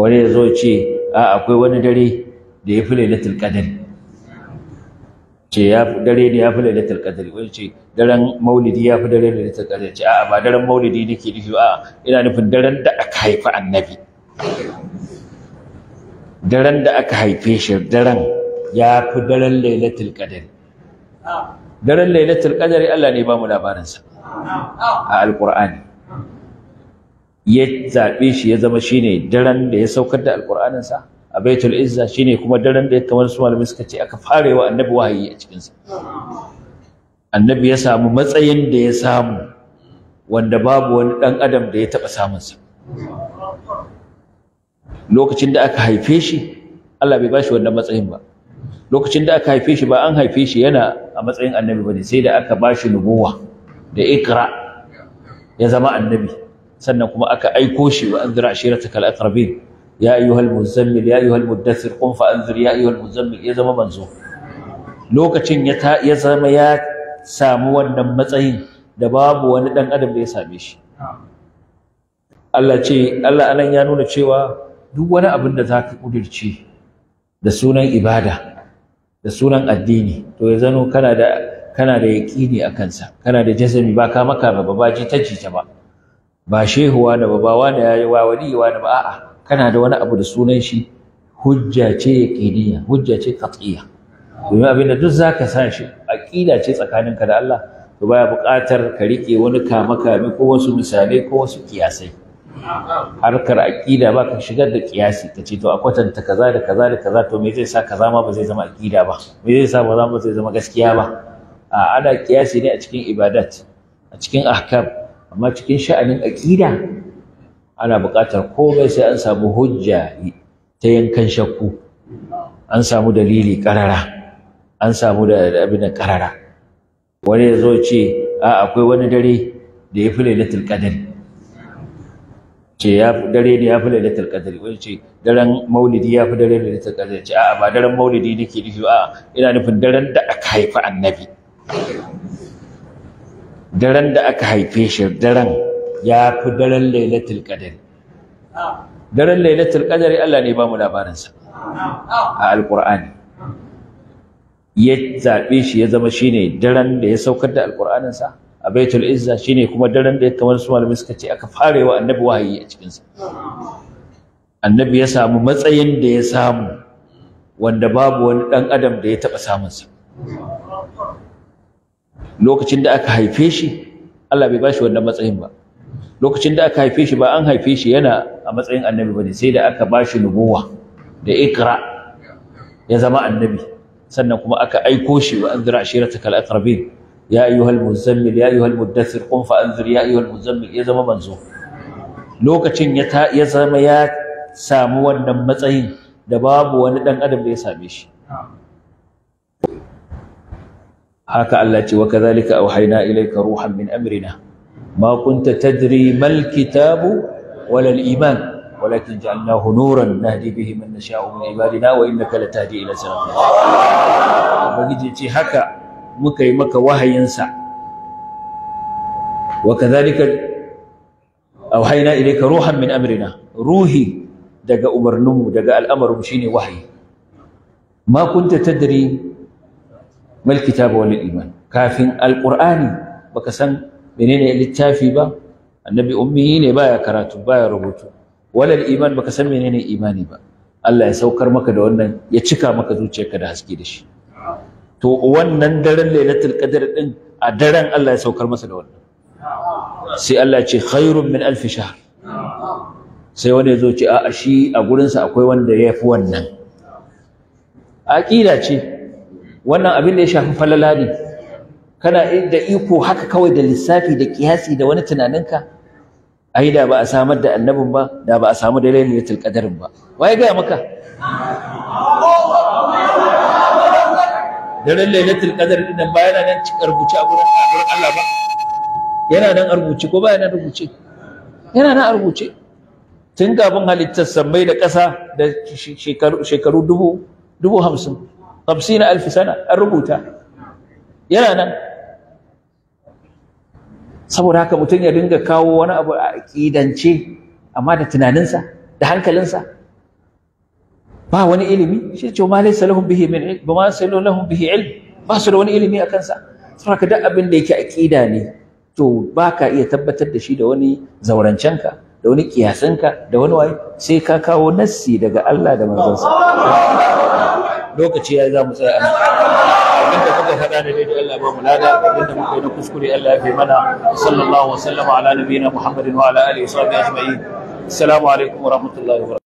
wani ya zo ce a akwai wani dare da ya fi lailatul qadr ce ya fi dare ne ya fi lailatul qadr wani ce daren maulidi ya fi dare lailatul qadr ce a'a ba daren maulidi nake nufi a'a ina nufin daren da aka haifi annabi daren da aka haife shi daren ya fi daren lailatul qadr daren lailatul qadr Allah ne ba mu labarinsa a alqur'ani ya zaɓe shi ya zama shi ne daren da ya saukar da alƙur'aninsa a baitul izza ne kuma daren da ya kamar su malamai suka ce aka fara wa annabi wahayi a cikinsa annabi ya samu matsayin da ya samu wanda babu wani ɗan adam da ya taɓa samunsa lokacin da aka haife shi Allah bai ba shi wannan matsayin ba lokacin da aka haife shi ba an haife shi yana a matsayin annabi bane sai da aka ba shi nubuwa da ikra ya zama annabi sannan kuma aka aiko shi wa anzir ashiratakal aqrabin ya ayyuhal muzammil ya ayyuhal muddathir qum fa anzir ya ayyuhal muzammil ya zama manzo lokacin ya ya zama ya samu wannan matsayin da babu wani dan adam da ya same shi Allah ce Allah anan ya nuna cewa duk wani abin da zaka kudirce da sunan ibada da sunan addini to ya zano kana da kana da yaqini akan sa kana da jazami ba ka maka ba ba ji ta ba ba shehu wani ba ba wani ya yi wa wani ba a'a kana da wani abu da sunan shi hujja ce yaqiniya hujja ce qat'iyya domin abinda duk zaka sa shi aqida ce tsakanin ka da Allah to baya buƙatar ka rike wani kama kame ko wasu misalai ko wasu kiyasai harkar aƙida ba ka shigar da kiyasi ka ce to a kwatanta kaza da kaza da kaza to me zai sa kaza ma ba zai zama aqida ba me zai sa ba zama ba zai zama gaskiya ba a ana kiyasi ne a cikin ibadat a cikin ahkam amma cikin sha'anin aƙida ana buƙatar komai sai an samu hujja ta yankan shakku an samu dalili ƙarara an samu da abin da ƙarara wani ya zo ce a akwai wani dare da ya fi lailatul qadar ce ya dare ne ya fi lailatul qadar wani ce daren maulidi ya fi dare lailatul qadr ce a'a ba daren maulidi nake nufi a'a ina nufin daren da aka haifi annabi daren da aka haife shi daren ya fi daren lailatul qadari daren lailatul ƙadari Allah ne ba mu labarinsa a alqur'ani ya zaɓe shi ya zama shine daren da ya saukar da alqur'anin sa a baitul izza shine kuma daren da kamar su malamai suka ce aka farewa annabi wahayi a cikin annabi ya samu matsayin da ya samu wanda babu wani dan adam da ya taɓa samun sa lokacin da aka haife shi Allah bai bashi wannan matsayin ba lokacin da aka haife shi ba an haife shi yana a matsayin annabi ba ne, sai da aka ba shi nubuwa da ikra ya zama annabi sannan kuma aka aiko shi wa anzira ashiratakal aqrabin ya ayyuhal muzammil ya ayyuhal muddathir qum fa anzir ya ayyuhal muzammil ya zama manzo lokacin ya ya zama ya samu wannan matsayin da babu wani dan adam da ya same shi haka Allah ce wa kadhalika auhayna ilayka ruhan min amrina ma kunta tadri mal kitabu wala al iman walakin ja'alnahu nuran nahdi bihi man nasha'u min ibadina wa innaka latahdi ila siratin ubangiji ce haka muka yi maka wahayinsa wa kadhalika auhayna ilayka ruhan min amrina ruhi daga umarninmu daga al'amarinmu shine wahayi ma kunta tadri mal kitaba wal iman kafin alqur'ani baka san menene littafi ba annabi ummi ne baya karatu baya rubutu wal iman baka san menene imani ba Allah ya saukar maka da wannan ya cika maka zuciyarka da haske da shi to wannan daren lailatul qadr din a daren Allah ya saukar masa da wannan sai Allah ya ce khairun min alf shahr sai wani ya zo ce a shi a gurinsa akwai wanda ya fi wannan aƙida ce wannan abin da ya shafi falala ne kana da iko haka kawai da lissafi da kiyasi da wani tunaninka ai da ba a samar da annabin ba da ba a samu da lailatul qadarin ba waye ga maka daren lailatul qadar din nan ba yana nan cikin rubuce a gurin Allah ba yana nan rubuce ko ba yana rubuce yana nan rubuce tun kafin halittar sammai da ƙasa da shekaru dubu dubu hamsin hamsina alfi sana an rubuta yana nan saboda haka mutum ya dinga kawo wani abu a aƙidance amma da tunaninsa da hankalinsa ba wani ilimi shi ce ma laysa lahum bihi min ilm ma saylu lahum bihi ilm ba su da wani ilimi a kansa saboda duk abin da yake aƙida ne to ba ka iya tabbatar da shi da wani zaurancenka da wani kiyasanka da wani waye sai ka kawo nassi daga Allah da manzansa lokaci ya za mu tsaya a kuka faɗa da daidai Allah ba mu lada abinda muka yi na kuskure Allah ya fi mana sallallahu wa sallama ala nabiyina Muhammadin wa ala alihi wa sahbihi ajma'in assalamu alaikum wa rahmatullahi wa